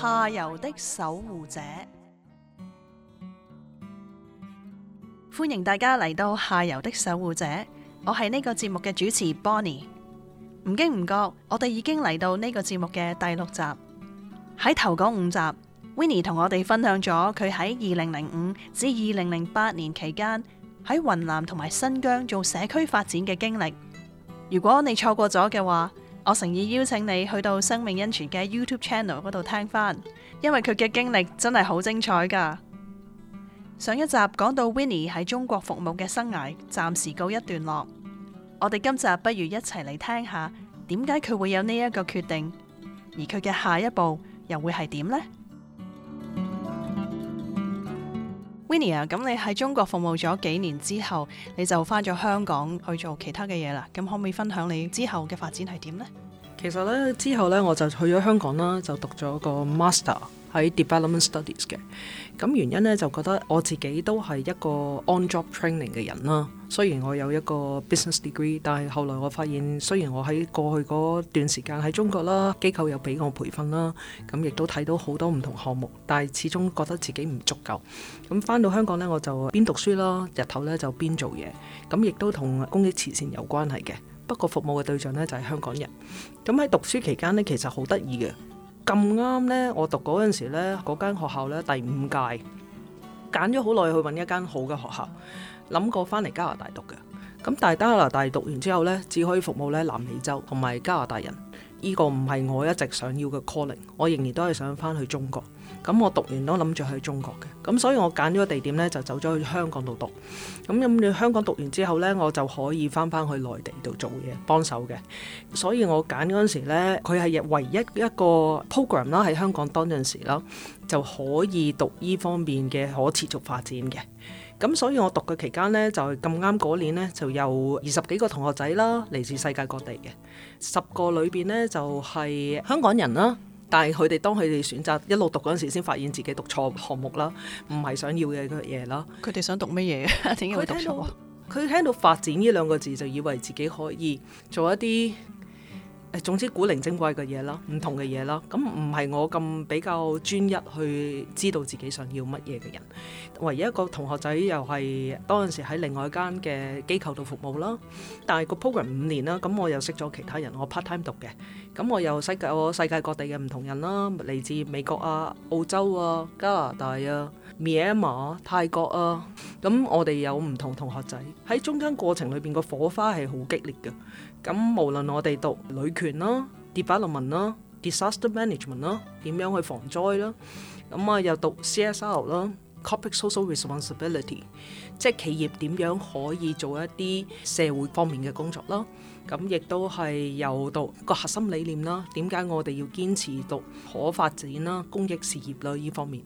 下游的守護者，歡迎大家嚟到下游的守護者。我係呢個節目嘅主持 Bonnie。唔經唔覺，我哋已經嚟到呢個節目嘅第六集。喺頭嗰五集，Winnie 同我哋分享咗佢喺二零零五至二零零八年期間喺雲南同埋新疆做社區發展嘅經歷。如果你錯過咗嘅話，我誠意邀請你去到生命恩泉嘅 YouTube Channel 嗰度聽翻，因為佢嘅經歷真係好精彩㗎。上一集講到 Winnie 喺中國服務嘅生涯暫時告一段落，我哋今集不如一齊嚟聽下，點解佢會有呢一個決定，而佢嘅下一步又會係點呢？Winnie 啊，咁你喺中國服務咗幾年之後，你就翻咗香港去做其他嘅嘢啦。咁可唔可以分享你之後嘅發展係點呢？其實呢，之後呢，我就去咗香港啦，就讀咗個 master。喺 development studies 嘅，咁原因呢，就覺得我自己都係一個 on job training 嘅人啦。雖然我有一個 business degree，但係後來我發現，雖然我喺過去嗰段時間喺中國啦，機構有俾我培訓啦，咁亦都睇到好多唔同項目，但係始終覺得自己唔足夠。咁翻到香港呢，我就邊讀書啦，日頭呢就邊做嘢，咁亦都同公益慈善有關係嘅。不過服務嘅對象呢，就係香港人。咁喺讀書期間呢，其實好得意嘅。咁啱呢，我讀嗰陣時呢，嗰間學校呢，第五屆，揀咗好耐去揾一間好嘅學校，諗過翻嚟加拿大讀嘅。咁但係加拿大讀完之後呢，只可以服務呢南美洲同埋加拿大人，呢個唔係我一直想要嘅 calling，我仍然都係想翻去中國。咁我讀完都諗住去中國嘅，咁所以我揀咗個地點呢，就走咗去香港度讀。咁咁你香港讀完之後呢，我就可以翻翻去內地度做嘢幫手嘅。所以我揀嗰陣時呢，佢係唯一一個 program 啦，喺香港當陣時啦，就可以讀呢方面嘅可持續發展嘅。咁所以我讀嘅期間呢，就係咁啱嗰年呢，就有二十幾個同學仔啦，嚟自世界各地嘅，十個裏面呢，就係香港人啦。但係佢哋當佢哋選擇一路讀嗰陣時，先發現自己讀錯項目啦，唔係想要嘅嘢啦。佢哋想讀乜嘢？點解會讀錯？佢聽，聽到發展呢兩個字就以為自己可以做一啲。誒總之古靈精怪嘅嘢啦，唔同嘅嘢啦，咁唔係我咁比較專一去知道自己想要乜嘢嘅人。唯一一個同學仔又係嗰陣時喺另外一間嘅機構度服務啦，但係個 program 五年啦，咁我又識咗其他人，我 part time 讀嘅，咁我又識我世界各地嘅唔同人啦，嚟自美國啊、澳洲啊、加拿大啊、Myanmar、泰國啊，咁我哋有唔同同學仔喺中間過程裏邊個火花係好激烈嘅。咁無論我哋讀女權啦、development 啦、disaster management 啦，點樣去防災啦？咁啊又讀 CSR 啦 Corporate Social Responsibility，即係企業點樣可以做一啲社會方面嘅工作啦？咁亦都係又讀個核心理念啦，點解我哋要堅持讀可發展啦、公益事業啦呢方面？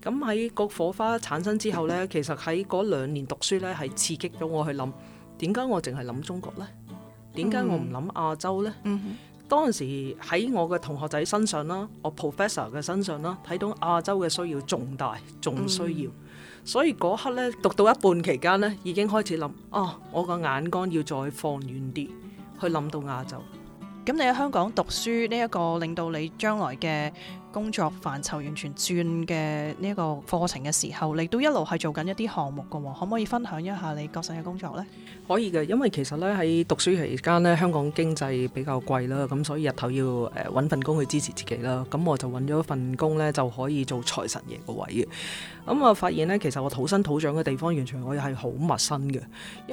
咁喺個火花產生之後呢，其實喺嗰兩年讀書呢係刺激咗我去諗點解我淨係諗中國呢？點解我唔諗亞洲呢？Mm hmm. 當時喺我嘅同學仔身上啦，我 professor 嘅身上啦，睇到亞洲嘅需要仲大，仲需要，mm hmm. 所以嗰刻咧讀到一半期間咧，已經開始諗，哦、啊，我個眼光要再放遠啲，去諗到亞洲。咁你喺香港讀書呢一、這個，令到你將來嘅。工作範疇完全轉嘅呢個課程嘅時候，你都一路係做緊一啲項目嘅喎，可唔可以分享一下你嗰陣嘅工作呢？可以嘅，因為其實咧喺讀書期間呢，香港經濟比較貴啦，咁所以日頭要誒揾、呃、份工去支持自己啦。咁我就揾咗份工呢，就可以做財神爺個位嘅。咁、嗯、我發現呢，其實我土生土長嘅地方，完全我係好陌生嘅。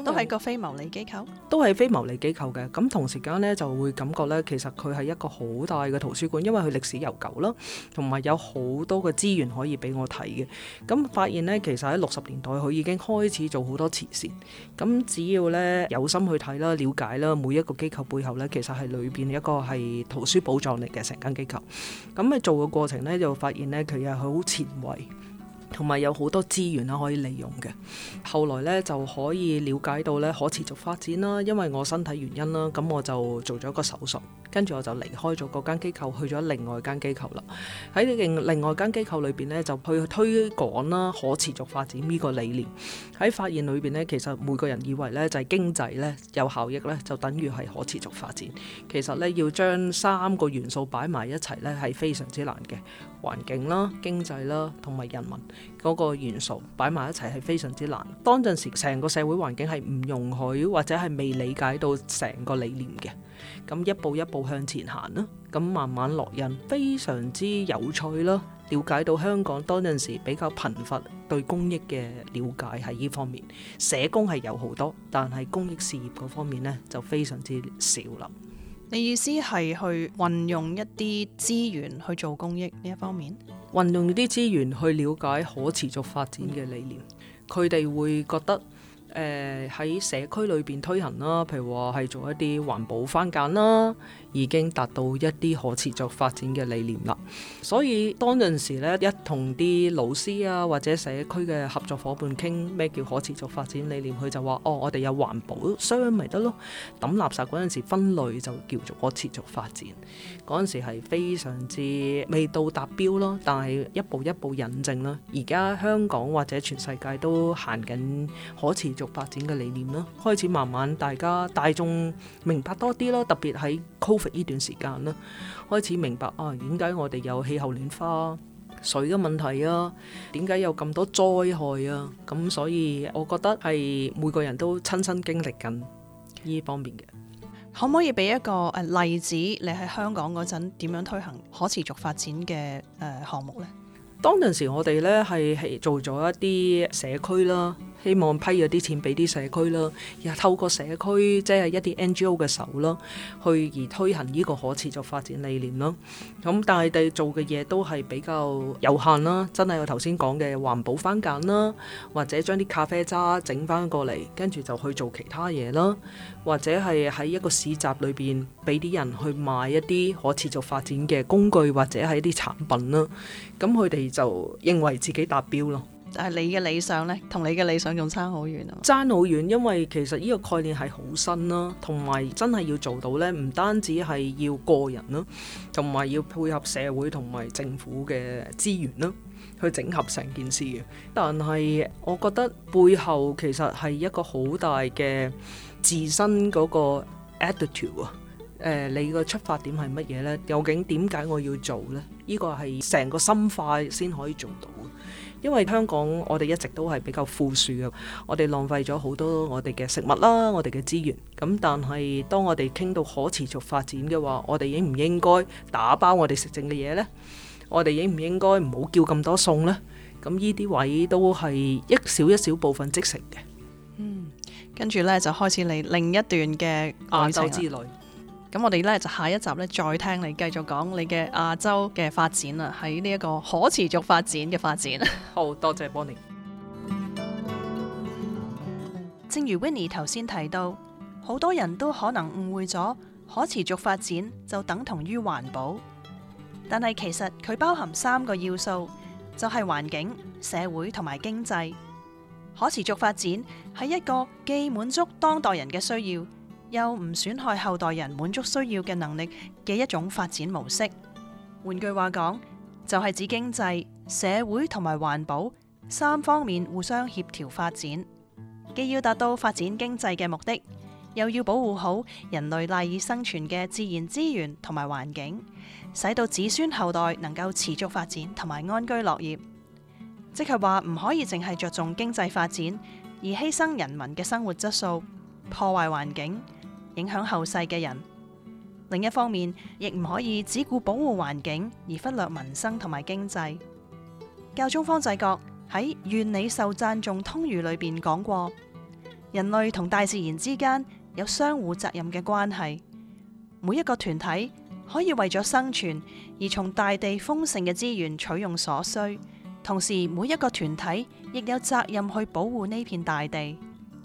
都係個非牟利機構？都係非牟利機構嘅。咁同時間呢，就會感覺呢，其實佢係一個好大嘅圖書館，因為佢歷史悠久啦。同埋有好多嘅資源可以俾我睇嘅，咁發現呢，其實喺六十年代佢已經開始做好多慈善，咁只要呢，有心去睇啦、了解啦，每一個機構背後呢，其實係裏邊一個係圖書寶藏嚟嘅成間機構，咁咪做嘅過程呢，就發現呢，佢又係好前衞。同埋有好多資源啦，可以利用嘅。後來咧，就可以了解到咧，可持續發展啦。因為我身體原因啦，咁我就做咗個手術，跟住我就離開咗嗰間機構，去咗另外間機構啦。喺另外間機構裏邊咧，就去推廣啦可持續發展呢個理念。喺發現裏邊呢，其實每個人以為呢，就係經濟呢，有效益呢，就等於係可持續發展。其實呢，要將三個元素擺埋一齊呢，係非常之難嘅。環境啦、經濟啦同埋人民。嗰個元素擺埋一齊係非常之難的。當陣時，成個社會環境係唔容許，或者係未理解到成個理念嘅。咁一步一步向前行啦，咁慢慢落印，非常之有趣啦。了解到香港當陣時比較貧乏，對公益嘅了解喺呢方面，社工係有好多，但係公益事業嗰方面呢，就非常之少啦。你意思係去運用一啲資源去做公益呢一方面？嗯運用啲資源去了解可持續發展嘅理念，佢哋會覺得。誒喺、呃、社區裏邊推行啦，譬如話係做一啲環保翻簡啦，已經達到一啲可持續發展嘅理念啦。所以當陣時呢，一同啲老師啊或者社區嘅合作伙伴傾咩叫可持續發展理念，佢就話：哦，我哋有環保箱咪得咯，抌垃圾嗰陣時分類就叫做可持續發展。嗰陣時係非常之未到達標咯，但係一步一步引證啦。而家香港或者全世界都行緊可持續續發展嘅理念啦，開始慢慢大家大眾明白多啲啦，特別喺 COVID 呢段時間啦，開始明白啊，點解我哋有氣候暖化、水嘅問題啊，點解有咁多災害啊？咁所以我覺得係每個人都親身經歷緊呢方面嘅。可唔可以俾一個誒例子？你喺香港嗰陣點樣推行可持續發展嘅誒項目呢？當陣時我哋呢係係做咗一啲社區啦。希望批咗啲錢俾啲社區啦，又透過社區即係一啲 NGO 嘅手啦，去而推行呢個可持續發展理念咯。咁但係哋做嘅嘢都係比較有限啦。真係我頭先講嘅環保番梘啦，或者將啲咖啡渣整翻過嚟，跟住就去做其他嘢啦，或者係喺一個市集裏邊俾啲人去買一啲可持續發展嘅工具或者係一啲產品啦。咁佢哋就認為自己達標咯。但係你嘅理想呢，同你嘅理想仲差好遠啊！差好遠，因為其實呢個概念係好新啦，同埋真係要做到呢，唔單止係要個人啦，同埋要配合社會同埋政府嘅資源啦，去整合成件事嘅。但係我覺得背後其實係一個好大嘅自身嗰個 attitude 啊、呃！你個出發點係乜嘢呢？究竟點解我要做呢？呢、呢個係成個心態先可以做到。因為香港，我哋一直都係比較富庶嘅，我哋浪費咗好多我哋嘅食物啦，我哋嘅資源。咁但係當我哋傾到可持續發展嘅話，我哋應唔應該打包我哋食剩嘅嘢呢？我哋應唔應該唔好叫咁多餸呢？咁呢啲位都係一小一小部分即食嘅。嗯，跟住呢，就開始嚟另一段嘅亞洲之旅。咁我哋咧就下一集咧再聽你繼續講你嘅亞洲嘅發展啦，喺呢一個可持續發展嘅發展。好多謝 Bonnie。正如 Winnie 頭先提到，好多人都可能誤會咗可持續發展就等同於環保，但係其實佢包含三個要素，就係環境、社會同埋經濟。可持續發展係一個既滿足當代人嘅需要。又唔損害後代人滿足需要嘅能力嘅一種發展模式。換句話講，就係指經濟、社會同埋環保三方面互相協調發展，既要達到發展經濟嘅目的，又要保護好人類賴以生存嘅自然資源同埋環境，使到子孫後代能夠持續發展同埋安居樂業。即係話唔可以淨係着重經濟發展，而犧牲人民嘅生活質素，破壞環境。影響後世嘅人，另一方面亦唔可以只顧保護環境而忽略民生同埋經濟。教宗方濟各喺《願你受讚頌通諭》裏邊講過，人類同大自然之間有相互責任嘅關係。每一個團體可以為咗生存而從大地豐盛嘅資源取用所需，同時每一個團體亦有責任去保護呢片大地，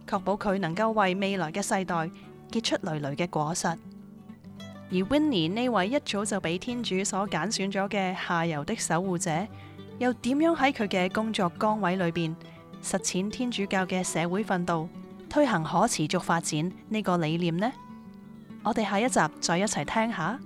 確保佢能夠為未來嘅世代，結出累累嘅果實，而 Winnie 呢位一早就畀天主所揀選咗嘅下游的守護者，又點樣喺佢嘅工作崗位裏邊實踐天主教嘅社會奮鬥，推行可持續發展呢個理念呢？我哋下一集再一齊聽一下。